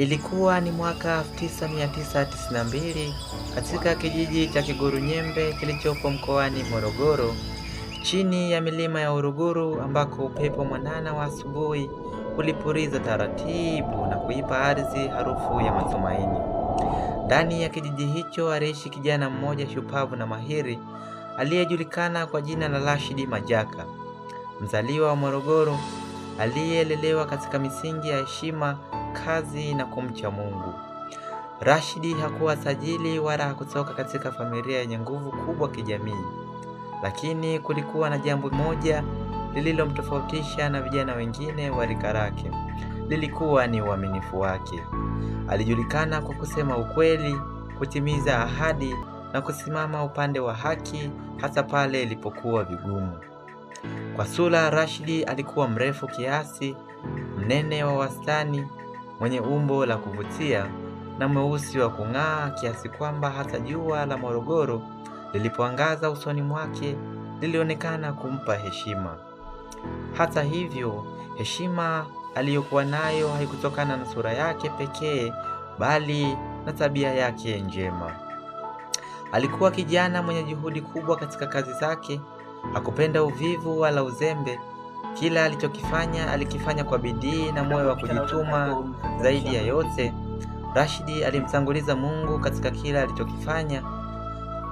Ilikuwa ni mwaka 1992 katika kijiji cha kiguru nyembe kilichopo mkoani Morogoro, chini ya milima ya Uruguru, ambako upepo mwanana wa asubuhi ulipuriza taratibu na kuipa ardhi harufu ya matumaini. Ndani ya kijiji hicho aliishi kijana mmoja shupavu na mahiri aliyejulikana kwa jina la Rashidi Majaka, mzaliwa wa Morogoro, aliyelelewa katika misingi ya heshima kazi na kumcha Mungu. Rashidi hakuwa sajili wala hakutoka katika familia yenye nguvu kubwa kijamii, lakini kulikuwa na jambo moja lililomtofautisha na vijana wengine wa rika lake. Lilikuwa ni uaminifu wake. Alijulikana kwa kusema ukweli, kutimiza ahadi na kusimama upande wa haki hata pale ilipokuwa vigumu. Kwa sura, Rashidi alikuwa mrefu kiasi, mnene wa wastani mwenye umbo la kuvutia na mweusi wa kung'aa kiasi kwamba hata jua la Morogoro lilipoangaza usoni mwake lilionekana kumpa heshima. Hata hivyo, heshima aliyokuwa nayo haikutokana na sura yake pekee, bali na tabia yake njema. Alikuwa kijana mwenye juhudi kubwa katika kazi zake, hakupenda uvivu wala uzembe, kila alichokifanya alikifanya kwa bidii na moyo wa kujituma. Zaidi ya yote, Rashidi alimtanguliza Mungu katika kila alichokifanya.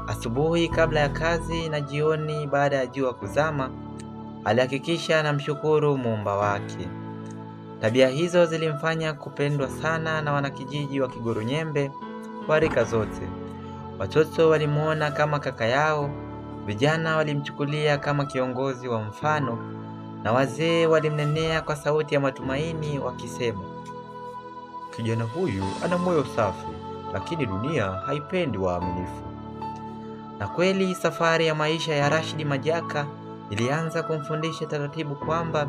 Asubuhi kabla ya kazi na jioni baada ya jua kuzama, alihakikisha anamshukuru muumba wake. Tabia hizo zilimfanya kupendwa sana na wanakijiji wa Kiguru Nyembe wa rika zote. Watoto walimwona kama kaka yao, vijana walimchukulia kama kiongozi wa mfano na wazee walimnenea kwa sauti ya matumaini wakisema, kijana huyu ana moyo safi, lakini dunia haipendi waaminifu. Na kweli safari ya maisha ya Rashidi Majaka ilianza kumfundisha taratibu kwamba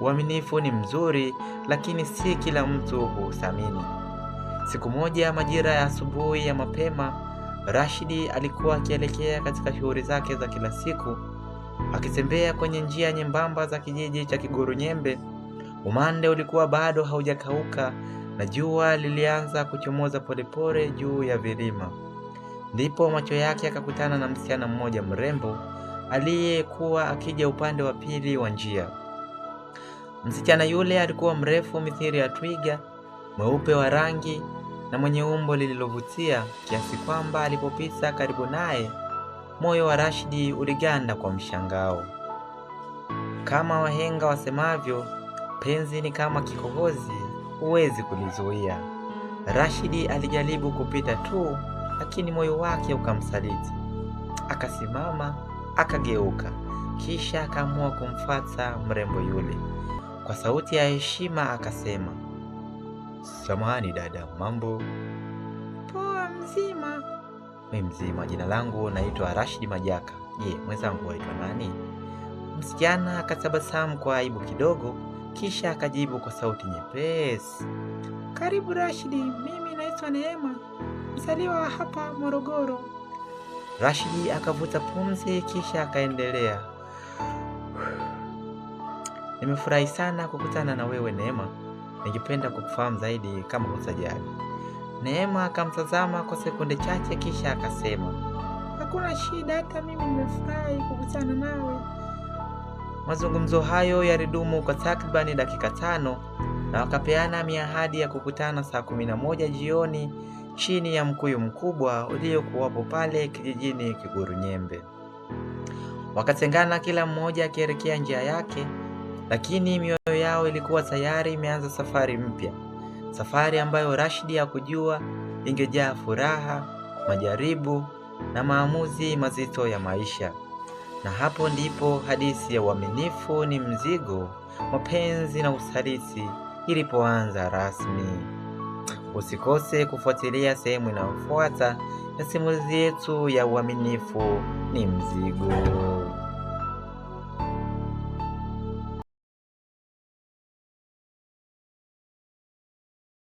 uaminifu ni mzuri, lakini si kila mtu huuthamini. Siku moja majira ya asubuhi ya mapema, Rashidi alikuwa akielekea katika shughuli zake za kila siku Akitembea kwenye njia nyembamba za kijiji cha nyembe umande ulikuwa bado haujakauka na jua lilianza kuchomoza polepole juu ya vilima. Ndipo macho yake akakutana na msichana mmoja mrembo aliyekuwa akija upande wa pili wa njia. Msichana yule alikuwa mrefu mithili ya twiga, mweupe wa rangi na mwenye umbo lililovutia kiasi kwamba alipopita karibu naye Moyo wa Rashidi uliganda kwa mshangao. Kama wahenga wasemavyo, penzi ni kama kikohozi, huwezi kulizuia. Rashidi alijaribu kupita tu, lakini moyo wake ukamsaliti. Akasimama, akageuka, kisha akaamua kumfuata mrembo yule. Kwa sauti ya heshima akasema, samahani dada, mambo poa? Mzima? we mzima, jina langu naitwa rashidi Majaka. Je, mwenzangu waitwa nani? Msichana akatabasamu kwa aibu kidogo, kisha akajibu kwa sauti nyepesi, karibu Rashidi, mimi naitwa Neema, mzaliwa hapa Morogoro. Rashidi akavuta pumzi, kisha akaendelea, nimefurahi sana kukutana na wewe Neema, ningependa kukufahamu zaidi kama hutajali. Neema akamtazama kwa sekunde chache, kisha akasema, hakuna shida, hata mimi nimefurahi kukutana nawe. Mazungumzo hayo yalidumu kwa takribani dakika tano na wakapeana miahadi ya kukutana saa kumi na moja jioni chini ya mkuyu mkubwa uliokuwapo pale kijijini kiguru nyembe Wakatengana, kila mmoja akielekea njia yake, lakini mioyo yao ilikuwa tayari imeanza safari mpya safari ambayo Rashidi hakujua ingejaa furaha, majaribu na maamuzi mazito ya maisha. Na hapo ndipo hadithi ya uaminifu ni mzigo, mapenzi na usaliti ilipoanza rasmi. Usikose kufuatilia sehemu inayofuata ya simulizi yetu ya uaminifu ni mzigo.